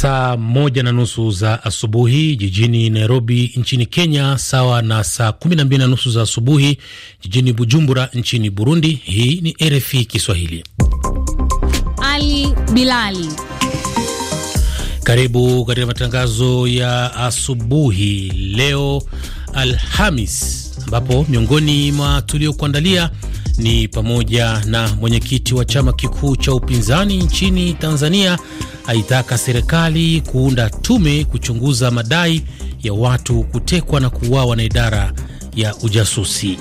saa moja na nusu za asubuhi jijini Nairobi nchini Kenya, sawa na saa kumi na mbili na nusu za asubuhi jijini Bujumbura nchini Burundi. Hii ni RFI Kiswahili. Ali Bilali, karibu katika matangazo ya asubuhi leo Alhamis, ambapo miongoni mwa tuliokuandalia ni pamoja na mwenyekiti wa chama kikuu cha upinzani nchini Tanzania aitaka serikali kuunda tume kuchunguza madai ya watu kutekwa na kuuawa na idara ya ujasusi.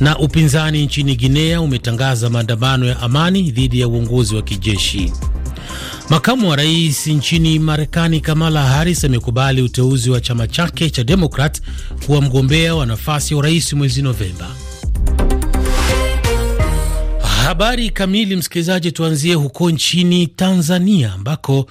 Na upinzani nchini Guinea umetangaza maandamano ya amani dhidi ya uongozi wa kijeshi. Makamu wa rais nchini Marekani Kamala Harris amekubali uteuzi wa chama chake cha Demokrat kuwa mgombea wa nafasi ya urais mwezi Novemba. Habari kamili, msikilizaji, tuanzie huko nchini Tanzania ambako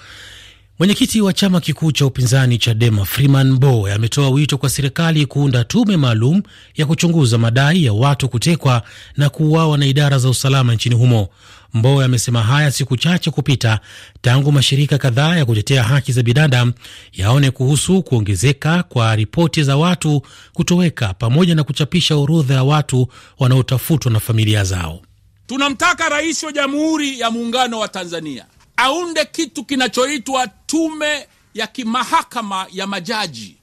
mwenyekiti wa chama kikuu cha upinzani Chadema Freeman Mbowe ametoa wito kwa serikali kuunda tume maalum ya kuchunguza madai ya watu kutekwa na kuuawa na idara za usalama nchini humo. Mbowe amesema haya siku chache kupita tangu mashirika kadhaa ya kutetea haki za binadamu yaone kuhusu kuongezeka kwa ripoti za watu kutoweka pamoja na kuchapisha orodha ya watu wanaotafutwa na familia zao. Tunamtaka Rais wa Jamhuri ya Muungano wa Tanzania aunde kitu kinachoitwa tume ya kimahakama ya majaji,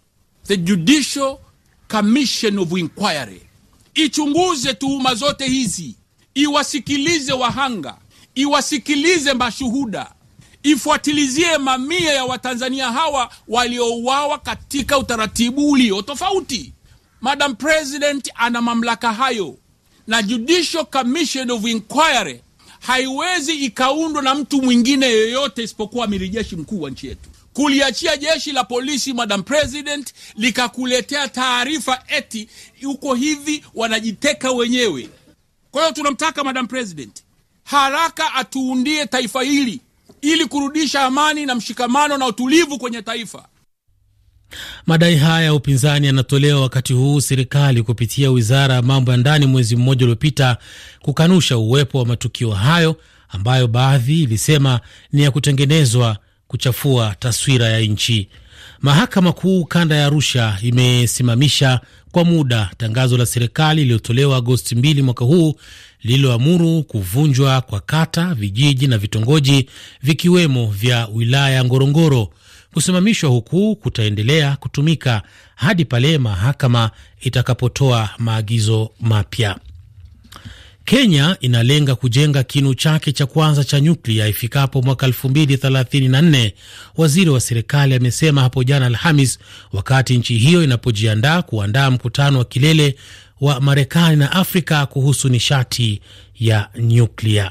the Judicial Commission of Inquiry, ichunguze tuhuma zote hizi, iwasikilize wahanga, iwasikilize mashuhuda, ifuatilizie mamia ya Watanzania hawa waliouawa katika utaratibu ulio tofauti. Madam President ana mamlaka hayo na Judicial Commission of Inquiry haiwezi ikaundwa na mtu mwingine yoyote isipokuwa amiri jeshi mkuu wa nchi yetu. Kuliachia jeshi la polisi, Madam President, likakuletea taarifa eti uko hivi, wanajiteka wenyewe. Kwa hiyo tunamtaka Madam President haraka atuundie taifa hili ili kurudisha amani na mshikamano na utulivu kwenye taifa. Madai haya ya upinzani yanatolewa wakati huu serikali kupitia wizara ya mambo ya ndani mwezi mmoja uliopita kukanusha uwepo wa matukio hayo ambayo baadhi ilisema ni ya kutengenezwa kuchafua taswira ya nchi. Mahakama Kuu kanda ya Arusha imesimamisha kwa muda tangazo la serikali iliyotolewa Agosti 2 mwaka huu lililoamuru kuvunjwa kwa kata, vijiji na vitongoji vikiwemo vya wilaya ya Ngorongoro kusimamishwa huku kutaendelea kutumika hadi pale mahakama itakapotoa maagizo mapya. Kenya inalenga kujenga kinu chake cha kwanza cha nyuklia ifikapo mwaka 2034, waziri wa serikali amesema hapo jana Alhamis, wakati nchi hiyo inapojiandaa kuandaa mkutano wa kilele wa Marekani na Afrika kuhusu nishati ya nyuklia.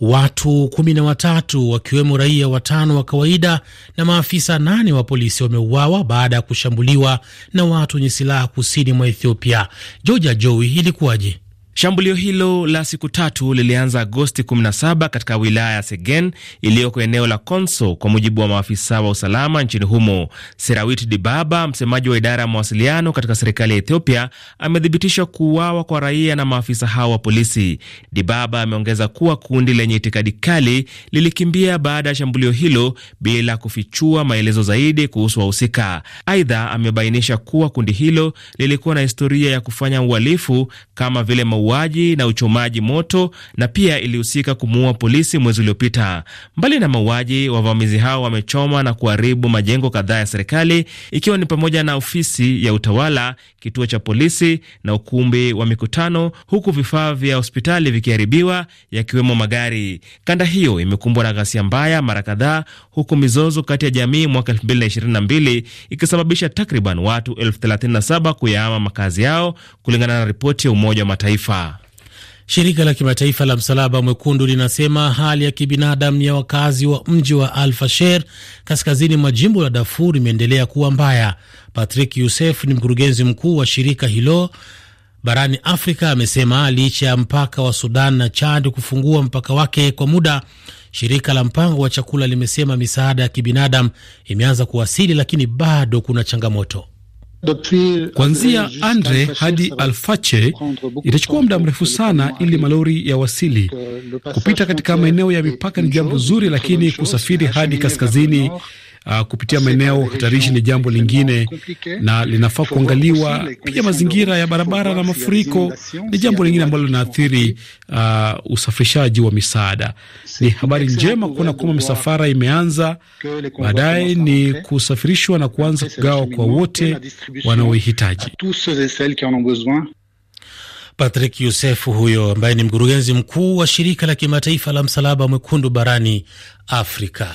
Watu kumi na watatu wakiwemo raia watano wa kawaida na maafisa nane wa polisi wameuawa baada ya kushambuliwa na watu wenye silaha kusini mwa Ethiopia. Georgia joi ilikuwaje? Shambulio hilo la siku tatu lilianza Agosti 17 katika wilaya ya Segen iliyoko eneo la Konso, kwa mujibu wa maafisa wa usalama nchini humo. Serawit Dibaba, msemaji wa idara ya mawasiliano katika serikali ya Ethiopia, amethibitisha kuuawa kwa raia na maafisa hao wa polisi. Dibaba ameongeza kuwa kundi lenye itikadi kali lilikimbia baada ya shambulio hilo bila kufichua maelezo zaidi kuhusu wahusika. Aidha, amebainisha kuwa kundi hilo lilikuwa na historia ya kufanya uhalifu kama vile mauaji na uchomaji moto na pia ilihusika kumuua polisi mwezi uliopita. Mbali na mauaji, wavamizi hao wamechoma na kuharibu majengo kadhaa ya serikali ikiwa ni pamoja na ofisi ya utawala, kituo cha polisi na ukumbi wa mikutano, huku vifaa vya hospitali vikiharibiwa yakiwemo magari. Kanda hiyo imekumbwa na ghasia mbaya mara kadhaa, huku mizozo kati ya jamii mwaka 2022 ikisababisha takriban watu 37 kuyahama makazi yao kulingana na ripoti ya Umoja wa Mataifa maafa. Shirika la kimataifa la Msalaba Mwekundu linasema hali ya kibinadamu ya wakazi wa mji wa Al Fasher kaskazini mwa jimbo la Darfur imeendelea kuwa mbaya. Patrick yusef ni mkurugenzi mkuu wa shirika hilo barani Afrika amesema licha ya mpaka wa Sudan na Chad kufungua mpaka wake kwa muda, shirika la mpango wa chakula limesema misaada ya kibinadamu imeanza kuwasili, lakini bado kuna changamoto. Kuanzia Andre hadi Alfache itachukua muda mrefu sana ili malori ya wasili. Kupita katika maeneo ya mipaka ni jambo zuri, lakini kusafiri hadi kaskazini uh, kupitia maeneo hatarishi ni jambo lingine, na linafaa kuangaliwa pia. Mazingira ya barabara na mafuriko ni jambo lingine ambalo linaathiri uh, usafirishaji wa misaada. Ni habari njema kuona kwamba misafara imeanza, baadaye ni kusafirishwa na kuanza kugawa kwa wote wanaoihitaji. Patrick Yusefu huyo ambaye ni mkurugenzi mkuu wa shirika la kimataifa la msalaba mwekundu barani Afrika.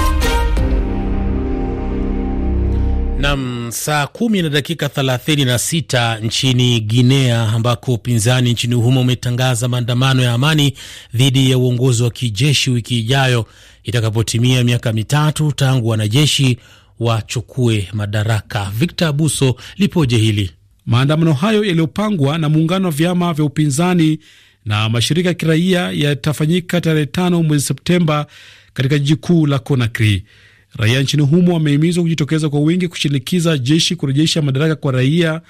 Nam, saa kumi na dakika thelathini na sita nchini Guinea ambako upinzani nchini humo umetangaza maandamano ya amani dhidi ya uongozi wa kijeshi wiki ijayo itakapotimia miaka mitatu tangu wanajeshi wachukue madaraka. Victor Abuso lipoje hili maandamano hayo yaliyopangwa na muungano wa vyama vya upinzani na mashirika ya kiraia yatafanyika tarehe tano mwezi Septemba katika jiji kuu la Conakry. Raia nchini humo wamehimizwa kujitokeza kwa wingi kushinikiza jeshi kurejesha madaraka kwa raia,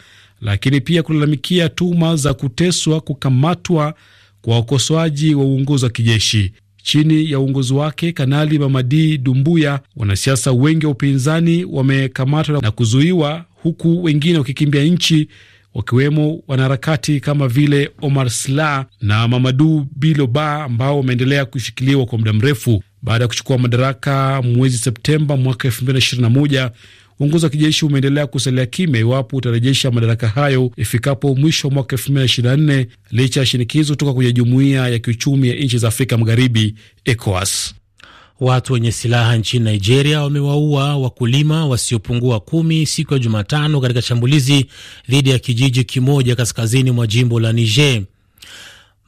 lakini pia kulalamikia tuhuma za kuteswa, kukamatwa kwa wakosoaji wa uongozi wa kijeshi. Chini ya uongozi wake Kanali Mamadi Dumbuya, wanasiasa wengi wa upinzani wamekamatwa na kuzuiwa, huku wengine wakikimbia nchi wakiwemo wanaharakati kama vile Omar Sla na Mamadu Biloba ambao wameendelea kushikiliwa kwa muda mrefu. Baada ya kuchukua madaraka mwezi Septemba mwaka 2021, uongozi wa kijeshi umeendelea kusalia kimya iwapo utarejesha madaraka hayo ifikapo mwisho wa mwaka nne licha ya shinikizo kutoka kwenye jumuiya ya kiuchumi ya nchi za Afrika Magharibi, ECOWAS. Watu wenye silaha nchini Nigeria wamewaua wakulima wasiopungua kumi siku ya Jumatano katika shambulizi dhidi ya kijiji kimoja kaskazini mwa jimbo la Niger.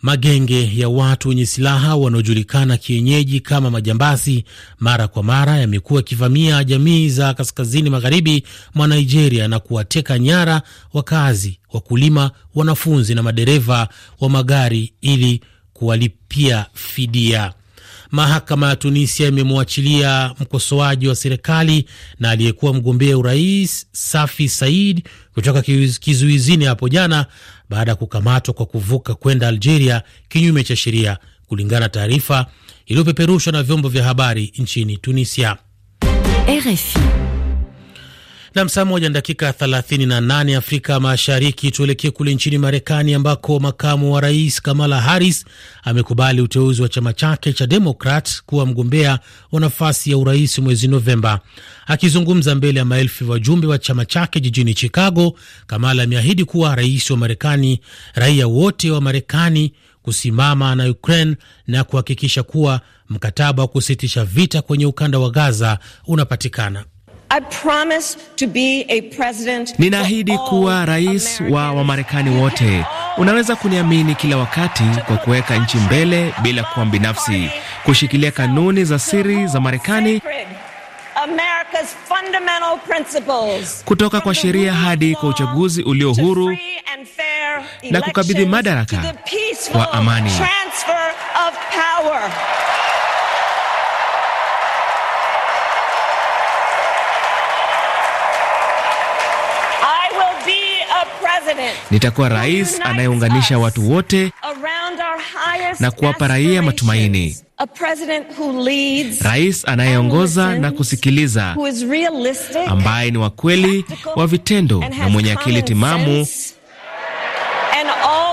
Magenge ya watu wenye silaha wanaojulikana kienyeji kama majambazi mara kwa mara yamekuwa yakivamia jamii za kaskazini magharibi mwa Nigeria na kuwateka nyara wakazi, wakulima, wanafunzi na madereva wa magari ili kuwalipia fidia. Mahakama ya Tunisia imemwachilia mkosoaji wa serikali na aliyekuwa mgombea urais Safi Said kutoka kizuizini hapo jana baada ya kukamatwa kwa kuvuka kwenda Algeria kinyume cha sheria, kulingana na taarifa iliyopeperushwa na vyombo vya habari nchini Tunisia. RFI. Nam, saa moja na dakika 38 Afrika Mashariki. Tuelekee kule nchini Marekani ambako makamu wa rais Kamala Harris amekubali uteuzi wa chama chake cha Demokrat kuwa mgombea wa nafasi ya urais mwezi Novemba. Akizungumza mbele ya maelfu ya wajumbe wa chama chake jijini Chicago, Kamala ameahidi kuwa rais wa Marekani, raia wote wa Marekani kusimama na Ukraine na kuhakikisha kuwa mkataba wa kusitisha vita kwenye ukanda wa Gaza unapatikana. Ninaahidi kuwa rais wa Wamarekani wote. Unaweza kuniamini kila wakati kwa kuweka nchi mbele bila kuwa binafsi, kushikilia kanuni za siri za Marekani kutoka kwa sheria hadi kwa uchaguzi ulio huru na kukabidhi madaraka kwa amani. Nitakuwa rais anayeunganisha watu wote na kuwapa raia matumaini, rais anayeongoza na kusikiliza, ambaye ni wakweli wa vitendo na mwenye akili timamu,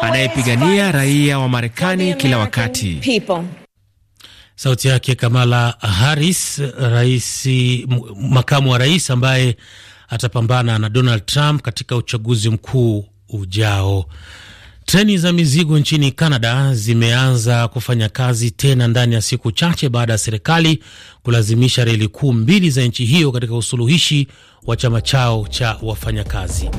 anayepigania raia wa Marekani kila wakati Sauti yake Kamala Harris, rais, makamu wa rais ambaye atapambana na Donald Trump katika uchaguzi mkuu ujao. Treni za mizigo nchini Canada zimeanza kufanya kazi tena ndani ya siku chache baada ya serikali kulazimisha reli kuu mbili za nchi hiyo katika usuluhishi wa chama chao cha wafanyakazi.